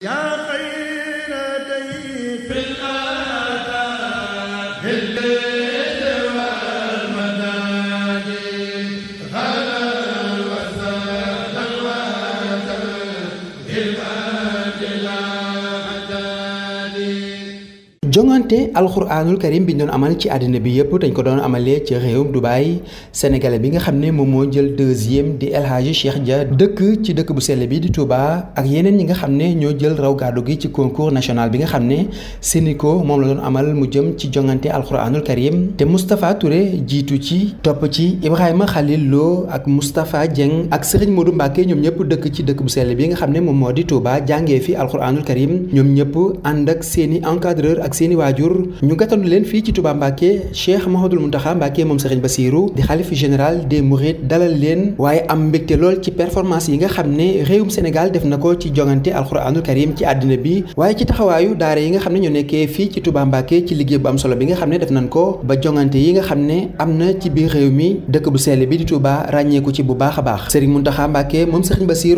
yaa jongante alxuraanul karim bi ñu doon amal ci àddina bi yëpp dañ ko doon amalee ci réewum Dubaay sénégalais bi nga xam ne moom moo jël deuxième di El Hadji Cheikh Dia dëkk ci dëkk bu sell bi di Touba ak yeneen ñi nga xam ne ñoo jël raw gàddu gi ci concours national bi nga xam ne ko moom la doon amal mu jëm ci jongante alxuraanul karim te Moustapha Touré jiitu ci topp ci Ibrahima Khalil Lo ak Moustapha Dieng ak Serigne Modou Mbacke ñoom ñëpp dëkk ci dëkk bu sell bi nga xam ne moom moo di Touba jàngee fi alxuraanul karim ñoom ñëpp ànd seeni waajur ñu gàttanu leen fii ci Touba Mbacke Cheikh Mouhamadoul Mountakha Mbacke moom Serigne Bassirou di xalif yi nga xam ne réewum Sénégal def na ko ci jongante alxuraanul karim ci àddina bi waaye ci taxawaayu daara yi nga xam ne ñoo nekkee fii ci Touba Mbacke ci liggéey bu am solo bi ne def nañ ko ba jongante xam ne na ci biir réew mi dëkk bu sell bi di Touba ràññeeku ci a baax Serigne Mountakha Mbacke moom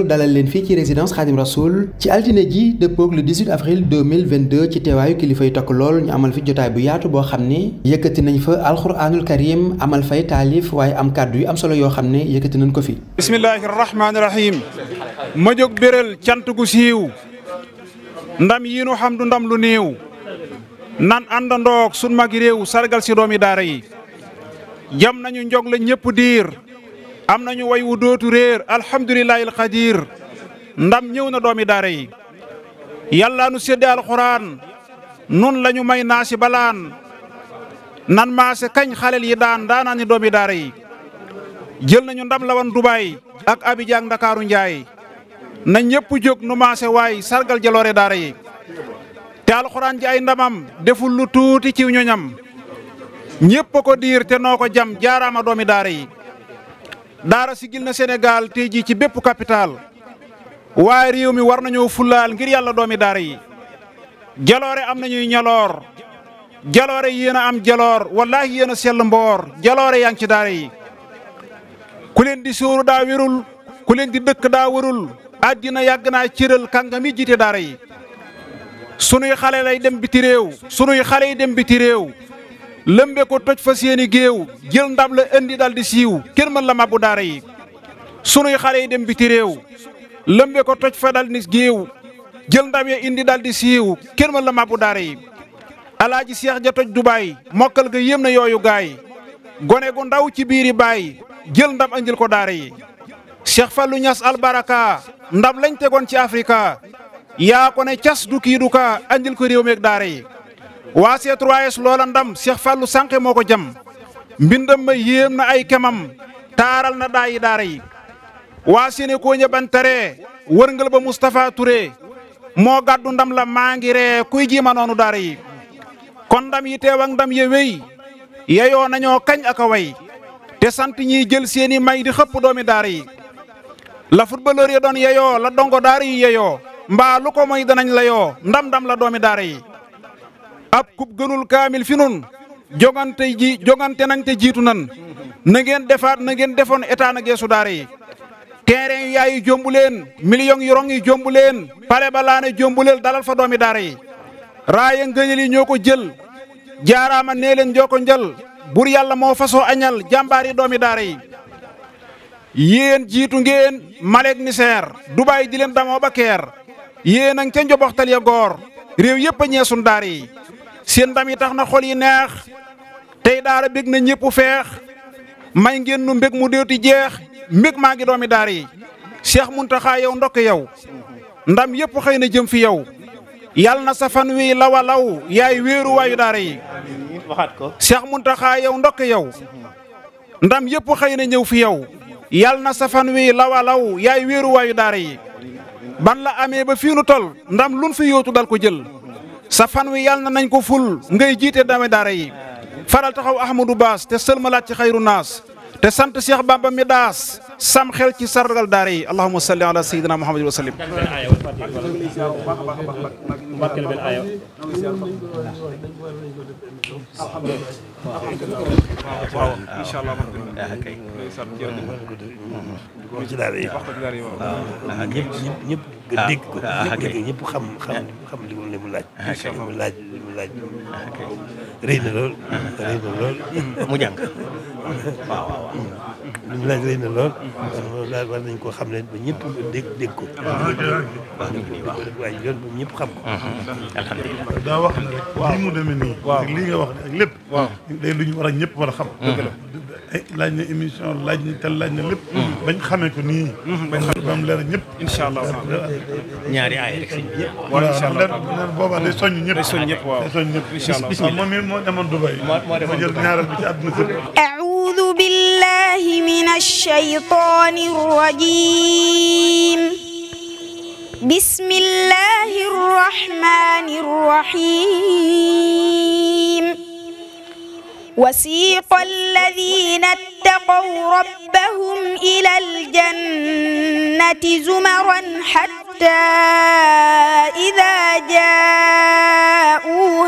dalal leen fii ci résidence Khadim Rasoul ci altine ji dëppoog le avril ci teewaayu kilifa yu tokk lool ñu amal fi jotaay bu yaatu boo xam ni yëkkati nañ fa alxuraanul karim amal fay taalif waaye am kàddu yi am solo yoo xam ne yëkkati nañ ko fi. bismillahi rahmaani rahim ma jóg béral cant gu siiw ndam yi nu xam du ndam lu néew nan àndandoog sun mag réew sargal si doomi daara yi jam nañu njog la ñëpp diir am nañu way wu dootu réer alhamdulilahi alqadir ndam ñëw na doomi daara yi yàlla nu sédde alxuraan nun lañu may naa si balaan nan maase kañ xalel yi daan daanaan ni doomi daara yi jël nañu ndam la wan Dubaay ak Abidjan Ndakaaru Njaay na ñëpp jóg nu maase waay sargal jaloore daara yi te alxuraan ji ay ndamam deful lu tuuti ci ñoñam ñëpp ko diir te noo ko jam jaaraama doomi daara yi daara sigil na Sénégal tey jii ci bépp capital waaye réew mi war nañoo fulaal ngir yàlla doomi daara yi jaloore am nañuy ñuy ñaloor jaloore yéen am jaloor wallaahi yéen a sell mboor jaloore yaa ngi ci daara yi ku leen di suuru daa wérul ku leen di dëkk daa wérul àddina yàgg naa cëral kàngam yi jiite daara yi sunuy xale lay dem biti réew sunuy xale yi dem biti réew lëmbe ko toj fa seeni géew jël ndam la indi dal siiw kenn mën la mabbu daara yi sunuy xale yi dem biti lëmbe ko toj fa dal géew jël ndam ya indi daal di siiw kenn mën la màbbu daara yi alaaji seex ja toj dubaay mokkal ga yéem na yooyu gaay gone gu ndaw ci biiri baay jël ndam andil ko daara yi seex fallu ñas albaraka ndam lañ tegoon ci afrika yaa ko cas du kii du kaa andil ko réew meeg daara yi waa c 3 loola ndam seex fallu sànqe moo ko jam mbindam ma yéem na ay kemam taaral na daayi daara yi waa sene kooña bantaree wërngal ba Moustapha Touré moo gàddu ndam la maa ngi ree kuy jiima noonu daara yi kon ndam yi teew ak ndam ya wéy yeyoo nañoo kañ ak a way te sant ñiy jël seeni may di xëpp doomi daara yi la footballeur yi doon yeyoo la dongo daara yi yeyoo mbaa lu ko moy danañ la yoo ndam-ndam la doomi daara yi ab kub gënul kaamil fi nun jogante ji jogante nañ te jiitu nan na ngeen defaat na ngeen defoon état na geesu daara yi terrain yu yaay yi jombu leen millions yu rong yi jombu pale ba laane jombuleel dalal fa doomi daara yi raaya ngëñal yi ñoo ko jël jaaraama nee leen ko njël bur yàlla moo fasoo añal jàmbaar doomi daara yi jiitu ngeen maleeg niseer dubaay di leen damoo ba keer yéen a ngi ca njoboxtal ya goor réew yëpp a ñeesun daara yi seen ndam yi tax na xol yi neex tey daara bég na ñëpp feex may ngeen nu mbég mu déwti jeex mbég maa ngi doomi daara yi Cheikh Muntaxa yow ndokk yow ndam yëpp xëy na jëm fi yow yal na sa fan wi lawa law yaay wéeru waayu daara yi waxaat ko Cheikh Muntaxa yow ndokk yow ndam yëpp xëy na ñëw fi yow yal na sa fan wi lawa law yaay wéeru waayu daara yi ban la amee ba fii tol ndam lun fi yootu dal ko jël sa fan wi yal na nañ ko ful ngay jiite dame daara yi faral taxaw Ahmadou Baas te sëlmalaat ci xayru naas te sant Cheikh Bamba mi daas sam xel ci sargal daara yi allahumma salli allah kay ci daara mu li mu mu laaj waaw waaw li mu laaj rëy na lool. loolu daal war nañ ko xam ne ba ñëpp dégg dégg ko. wax nga nii waaw waaye yoon bi ñëpp xam ko. Mm-hmm. alhamdulilah daa wax ne rek. waaw lii mu demee nii. waaw lii nga wax ne ak lépp. waaw day lu ñu war a ñëpp war a xam. Mm-hmm. laaj na émission laaj na tel laaj na lépp. Mm-hmm. bañ xamee ko nii. bañ xamee ko ba mu leer ñëpp. incha allah ñaari aay rek si ñëpp. waaw incha allah boobaa day soññ ñëpp. day soññ ñëpp waaw day soññ ñëpp. incha allah moom it moo demoon Dubaï. moo demoon Dubaï ma jël ñaareel bi ci àdduna sëpp. Eh, أعوذ بالله من الشيطان الرجيم بسم الله الرحمن الرحيم وسيق الذين اتقوا ربهم إلى الجنة زمرا حتى إذا جاءوا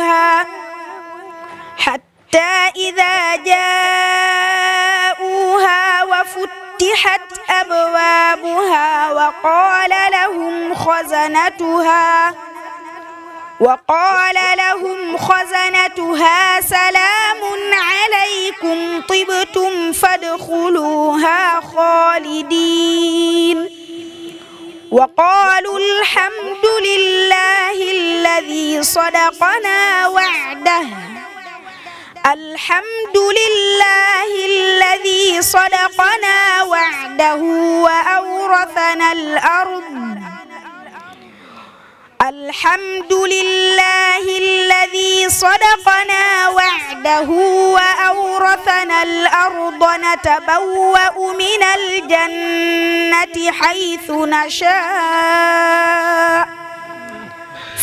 عليها وقال لهم خزنتها وقال لهم خزنتها سلام عليكم طبتم فادخلوها خالدين وقالوا الحمد لله الذي صدقنا وعده الحمد لله الذي صدقنا وعده وأورثنا الأرض الحمد لله الذي صدقنا وعده وأورثنا الأرض نتبوأ من الجنة حيث نشاء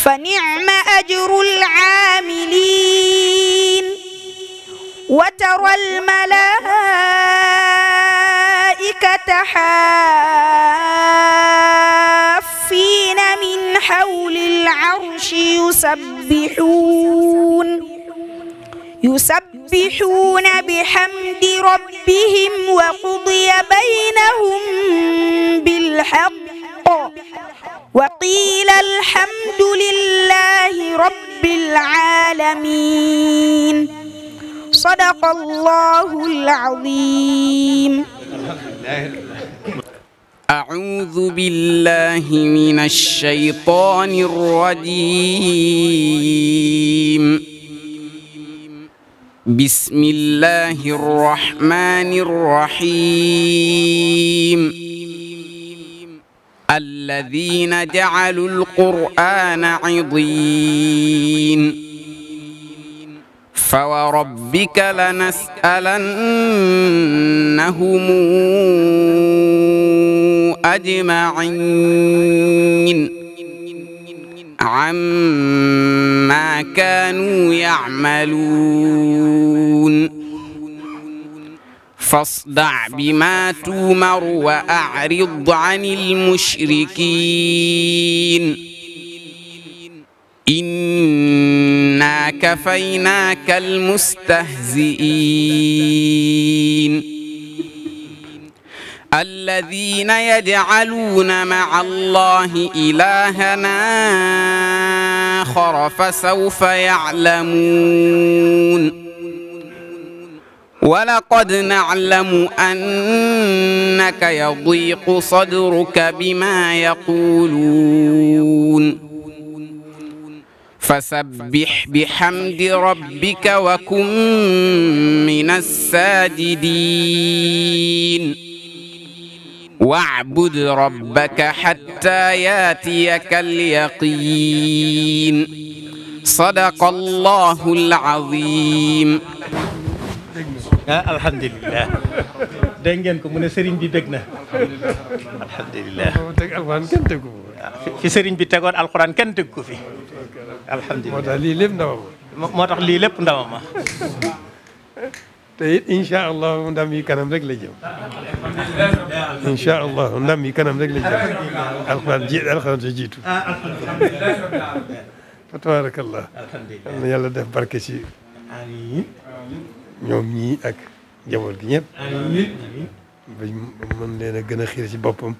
فنعم أجر العاملين وترى الملائكة حافين من حول العرش يسبحون يسبحون بحمد ربهم وقضي بينهم بالحق وقيل الحمد لله رب العالمين sadaqallahu al-azim أعوذ بالله من الشيطان الرجيم بسم الله الرحمن الرحيم الذين جعلوا القرآن عضين فوربك لنسألنهم أجمعين عما كانوا يعملون فاصدع بما تومر وأعرض عن المشركين إن إنا كفيناك المستهزئين الذين يجعلون مع الله إلهنا آخر فسوف يعلمون ولقد نعلم أنك يضيق صدرك بما يقولون fasabbih bihamdi rabbika wa kun minas saajidiin wa'bud rabbaka hattaa yaatiyakal yaqiin sadaqallaahul aziim. alhamdulilah. dégg ngeen ko mu ne sëriñ bi bég na. alhamdulilah. waaw fi sëriñ bi tegoon alxuraan kenn teg ko fi alhamdulilah moo tax lii lépp ndawama moo tax lii lépp ndawama te it incha ndam yi kanam rek la jëm incha ndam yi kanam rek la jëm jiitu fa tabaarakallah yàlla def barke ci ñoom ñii ak njaboot gi ñëpp bañ mën leen a gën a xiir ci boppam.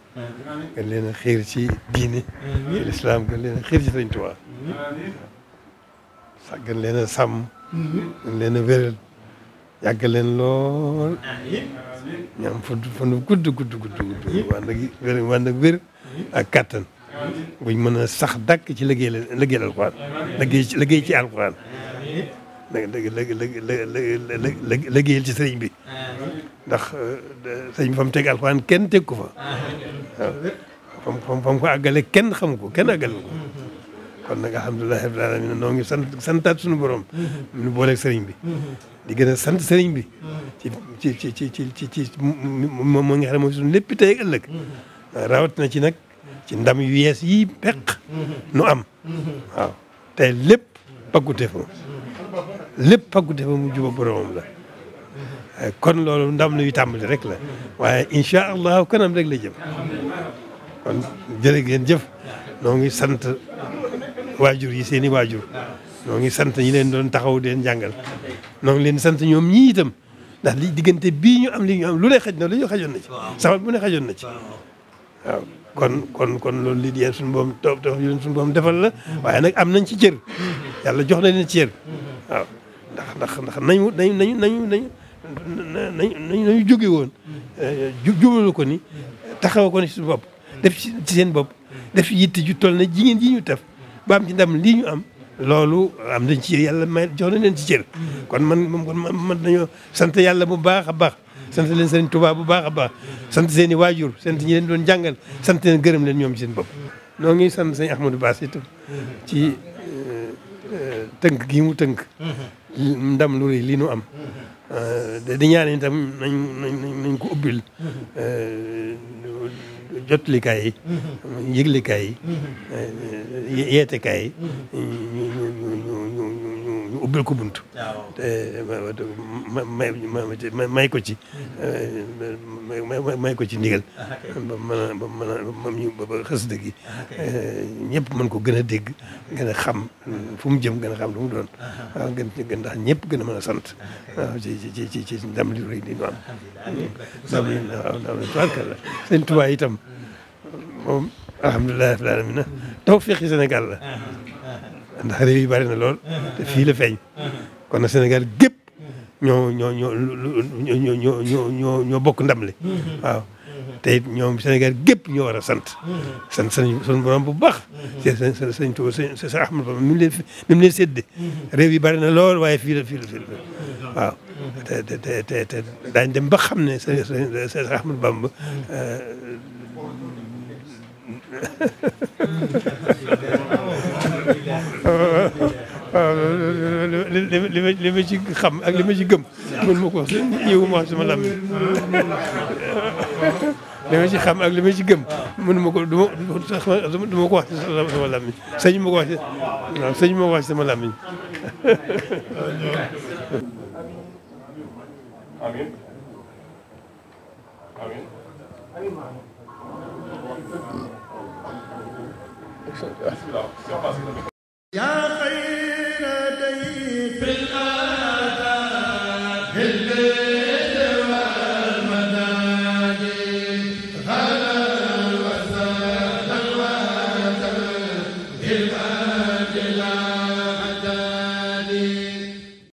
gën leen a xiir ci diini. ci lislaam gën leen a ci Sëñ gën leen a sàmm. gën leen a wéral yàgg leen lool. ñu am fan fan gudd gudd gudd gudd. wànd ak kàttan. buñ mën a sax dak ci liggéey liggéeyal alxuraan. liggéey ci liggéey ci alxuraan. ci sëriñ ndax euh, sëñ bi fa mu teg kenn teg ko fa waaw fa mu ko àggale kenn xam ko kenn àggale ko kon nag alhamdulilah rabbil alamin noo ngi sant santaat suñu borom. ñu booleeg sëriñ bi. di gën a sant sëriñ bi. ci ci ci ci ci ci moom moo nga lépp tey ak ëllëg. ci nag ci ndam yu yees yi peq. nu am. waaw tey lépp pàggute fa lépp pàggute fa mu juba boromam la. kon loolu ndam luy tàmbali rek la waaye incha allah kanam rek la jëm kon jërë ngeen jëf noo ngi sant waajur yi seen i waajur noo ngi sant ñi leen doon taxaw di leen jàngal noo ngi leen sant ñoom ñii itam ndax diggante bii ñu am li lu ne xaj na lu ñu xajoon na ci sabat bu ne xajoon na ci waaw kon kon kon loolu li di suñu boom toog toog leen la waaye nag am nañ ci cër yàlla jox na leen ci cër mm-hmm. waaw ndax ndax nañu nañu nañ nañu jóge woon eh, jublu ko ni taxaw ko ni suñu bopp def ci seen bopp def yitte ju toll na jigéen ji ñu taf ba am ci ndam lii ñu am loolu am nañ ci yàlla may jox nañ leen ci cër kon man moom kon man dañoo sant yàlla bu baax a baax sant leen sëriñ Tuubaa bu baax a baax sant seen i waajur sant ñi leen doon jàngal sant leen gërëm leen ñoom ci seen bopp noo ngi sant sëñ Ahmadou Bass itam ci eh, eh, tënk gi mu tënk ndam lu rëy lii nu am Euh, di ñaan itam nañ nañ nañ ko ubbil euh, jotlikaay yi mm-hmm. yëglikaay yi mm-hmm. euh, yeetekaay yi mm-hmm. ubbil ko bunt. may eh, may may ko ci. Hmm. Eh, may ko ci ndigal. Ah, ba mën a ba mën a ba ñu ba xasida ah, eh, ko gën a dégg. Ah, gën a xam fu mu jëm gën a xam lu mu doon. gën gën ndax gën a mën a sant. waaw ci ci ci ci ndam li rëy di ñu am. ndam li waaw ndam li seen tubaay itam hmm. moom alhamdulilah rabbil alamin tawfiq Sénégal ndax réew yi bari na lool te fii la feeñ kon nag Sénégal gépp ñoo ñoo ñoo ñoo ñoo ñoo ñoo bokk ndam li waaw te it ñoom Sénégal gépp ñoo war a sant sant sëñ sunu borom bu baax seen seen seen sëñ Tuuba seen seen Ahmad Bamba mi mu leen mi mu leen séddee réew yi bari na lool waaye fii la fii la fii la waaw te te te te daañ dem ba xam ne seen seen seen Ahmad Bamba euh, li ma li ma ci xam ak li ci gëm. mën ma ko wax yéewu ma wax sama lam li ma ci xam ak li ma ko du ma du